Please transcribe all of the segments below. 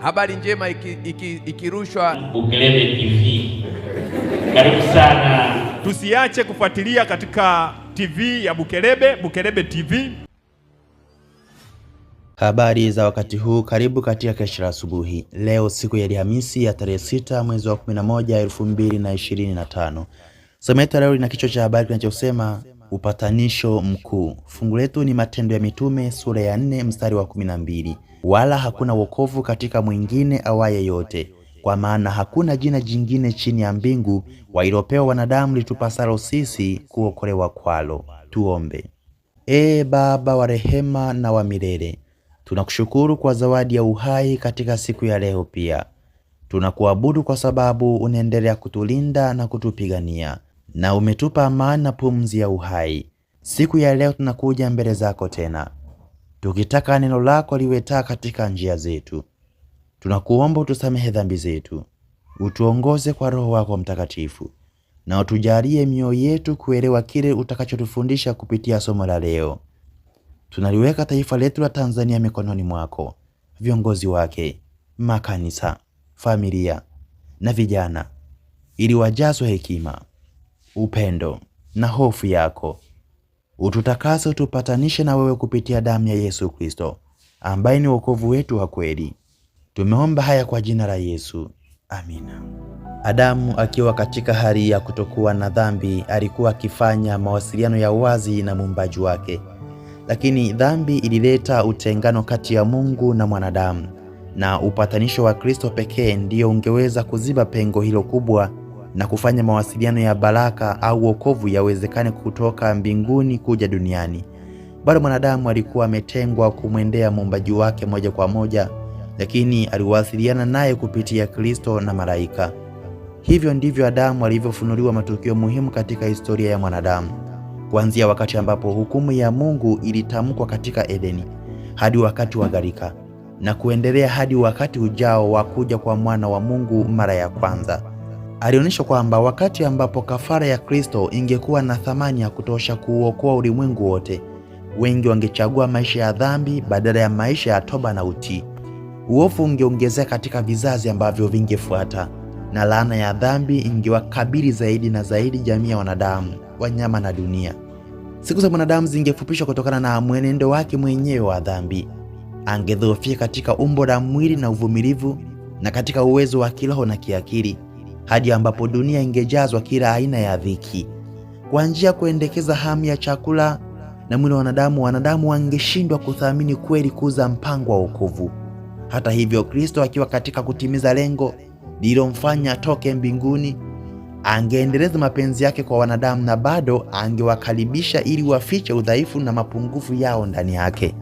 Habari njema ikirushwa iki, iki Bukelebe TV. Karibu sana, tusiache kufuatilia katika TV ya Bukelebe, Bukelebe TV. Habari za wakati huu, karibu katika kesha la asubuhi leo, siku ya Alhamisi ya tarehe sita mwezi wa 11 2025. Somo leo lina kichwa cha habari kinachosema Upatanisho mkuu. Fungu letu ni Matendo ya Mitume sura ya 4 mstari wa 12, wala hakuna wokovu katika mwingine awaye yote, kwa maana hakuna jina jingine chini ya mbingu wailopewa wanadamu litupasalo sisi kuokolewa kwalo. Tuombe. Ee Baba wa rehema na wa milele, tunakushukuru kwa zawadi ya uhai katika siku ya leo. Pia tunakuabudu kwa sababu unaendelea kutulinda na kutupigania na umetupa amani na pumzi ya uhai. Siku ya leo tunakuja mbele zako tena tukitaka neno lako liwe taa katika njia zetu. Tunakuomba utusamehe dhambi zetu, utuongoze kwa Roho wako Mtakatifu na utujalie mioyo yetu kuelewa kile utakachotufundisha kupitia somo la leo. Tunaliweka taifa letu la Tanzania mikononi mwako, viongozi wake, makanisa, familia na vijana, ili wajazwe hekima upendo na hofu yako, ututakase utupatanishe na wewe kupitia damu ya Yesu Kristo, ambaye ni wokovu wetu wa kweli. Tumeomba haya kwa jina la Yesu, amina. Adamu akiwa katika hali ya kutokuwa na dhambi alikuwa akifanya mawasiliano ya wazi na muumbaji wake, lakini dhambi ilileta utengano kati ya Mungu na mwanadamu, na upatanisho wa Kristo pekee ndiyo ungeweza kuziba pengo hilo kubwa na kufanya mawasiliano ya baraka au wokovu yawezekane kutoka mbinguni kuja duniani. Bado mwanadamu alikuwa ametengwa kumwendea muumbaji wake moja kwa moja, lakini aliwasiliana naye kupitia Kristo na malaika. Hivyo ndivyo Adamu alivyofunuliwa matukio muhimu katika historia ya mwanadamu, kuanzia wakati ambapo hukumu ya Mungu ilitamkwa katika Edeni hadi wakati wa gharika na kuendelea hadi wakati ujao wa kuja kwa mwana wa Mungu mara ya kwanza alionyesha kwamba wakati ambapo kafara ya Kristo ingekuwa na thamani ya kutosha kuuokoa ulimwengu wote, wengi wangechagua maisha ya dhambi badala ya maisha ya toba na utii. Uovu ungeongezeka katika vizazi ambavyo vingefuata, na laana ya dhambi ingewakabili zaidi na zaidi jamii ya wanadamu, wanyama na dunia. Siku za mwanadamu zingefupishwa kutokana na mwenendo wake mwenyewe wa dhambi. Angedhoofia katika umbo la mwili na uvumilivu, na katika uwezo wa kiroho na kiakili hadi ambapo dunia ingejazwa kila aina ya dhiki, kuanzia kuendekeza hamu ya chakula na mwili wa wanadamu. Wanadamu wangeshindwa kuthamini kweli kuza mpango wa wokovu. Hata hivyo, Kristo akiwa katika kutimiza lengo lililomfanya atoke mbinguni, angeendeleza mapenzi yake kwa wanadamu na bado angewakaribisha ili wafiche udhaifu na mapungufu yao ndani yake.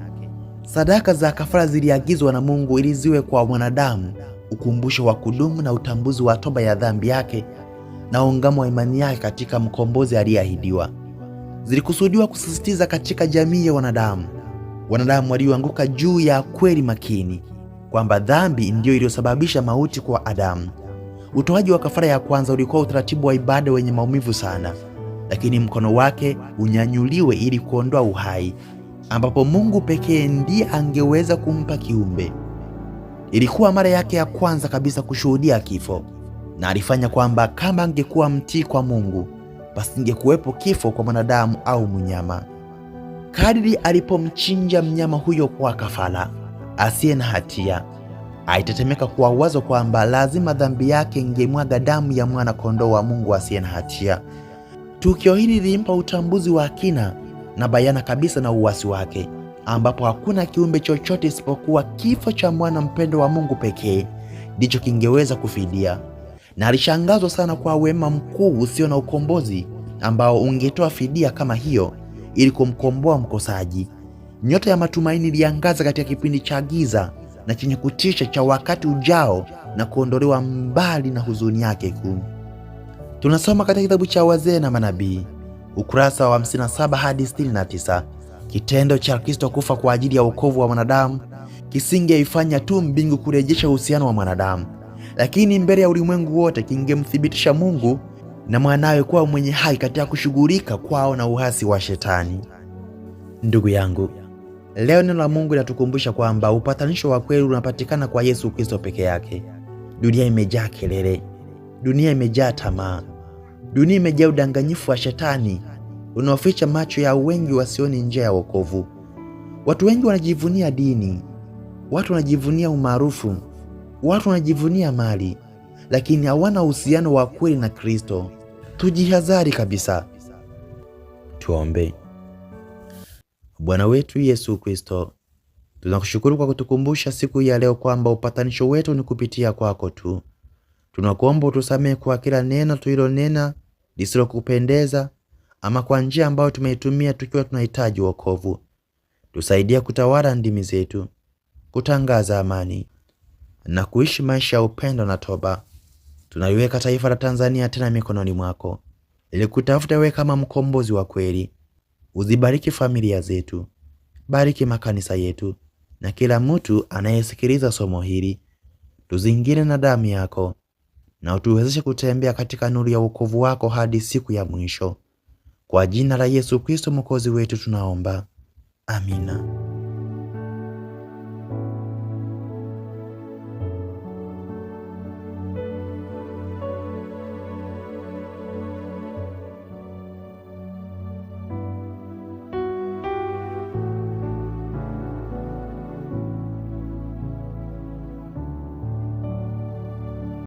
Sadaka za kafara ziliagizwa na Mungu ili ziwe kwa mwanadamu ukumbusho wa kudumu na utambuzi wa toba ya dhambi yake na ungamo wa imani yake katika mkombozi aliyeahidiwa. Zilikusudiwa kusisitiza katika jamii ya wanadamu, wanadamu walioanguka juu ya kweli makini kwamba dhambi ndiyo iliyosababisha mauti kwa Adamu. Utoaji wa kafara ya kwanza ulikuwa utaratibu wa ibada wenye maumivu sana, lakini mkono wake unyanyuliwe ili kuondoa uhai, ambapo Mungu pekee ndiye angeweza kumpa kiumbe Ilikuwa mara yake ya kwanza kabisa kushuhudia kifo, na alifanya kwamba kama angekuwa mtii kwa Mungu, pasingekuwepo kifo kwa mwanadamu au mnyama. Kadiri alipomchinja mnyama huyo kwa kafara asiye na hatia, alitetemeka kwa wazo kwamba lazima dhambi yake ingemwaga damu ya mwana kondoo wa Mungu asiye na hatia. Tukio hili lilimpa utambuzi wa kina na bayana kabisa na uasi wake ambapo hakuna kiumbe chochote isipokuwa kifo cha mwana mpendo wa Mungu pekee ndicho kingeweza kufidia, na alishangazwa sana kwa wema mkuu usio na ukombozi ambao ungetoa fidia kama hiyo ili kumkomboa mkosaji. Nyota ya matumaini iliangaza katika kipindi cha giza na chenye kutisha cha wakati ujao na kuondolewa mbali na huzuni yake kuu. Tunasoma katika kitabu cha Wazee na Manabii, ukurasa wa 57 hadi 69. Kitendo cha Kristo kufa kwa ajili ya wokovu wa mwanadamu kisingeifanya tu mbingu kurejesha uhusiano wa mwanadamu, lakini mbele ya ulimwengu wote kingemthibitisha Mungu na mwanawe kuwa mwenye haki katika kushughulika kwao na uhasi wa Shetani. Ndugu yangu, leo neno la Mungu linatukumbusha kwamba upatanisho wa kweli unapatikana kwa Yesu Kristo peke yake. Dunia imejaa kelele, dunia imejaa tamaa, dunia imejaa udanganyifu wa Shetani unaoficha macho ya wengi wasioni njia ya wokovu. Watu wengi wanajivunia dini, watu wanajivunia umaarufu, watu wanajivunia mali, lakini hawana uhusiano wa kweli na Kristo. Tujihadhari kabisa. Tuombe. Bwana wetu Yesu Kristo, tunakushukuru kwa kutukumbusha siku ya leo kwamba upatanisho wetu ni kupitia kwako tu. Tunakuomba utusamehe kwa kila neno tulilonena lisilokupendeza ama kwa njia ambayo tumeitumia tukiwa tunahitaji wokovu. Tusaidia kutawala ndimi zetu, kutangaza amani na kuishi maisha ya upendo na toba. Tunaliweka taifa la Tanzania tena mikononi mwako ili kutafuta wewe kama mkombozi wa kweli. Uzibariki familia zetu, bariki makanisa yetu na kila mtu anayesikiliza somo hili. Tuzingire na damu yako na utuwezeshe kutembea katika nuru ya wokovu wako hadi siku ya mwisho. Kwa jina la Yesu Kristo mwokozi wetu tunaomba, amina.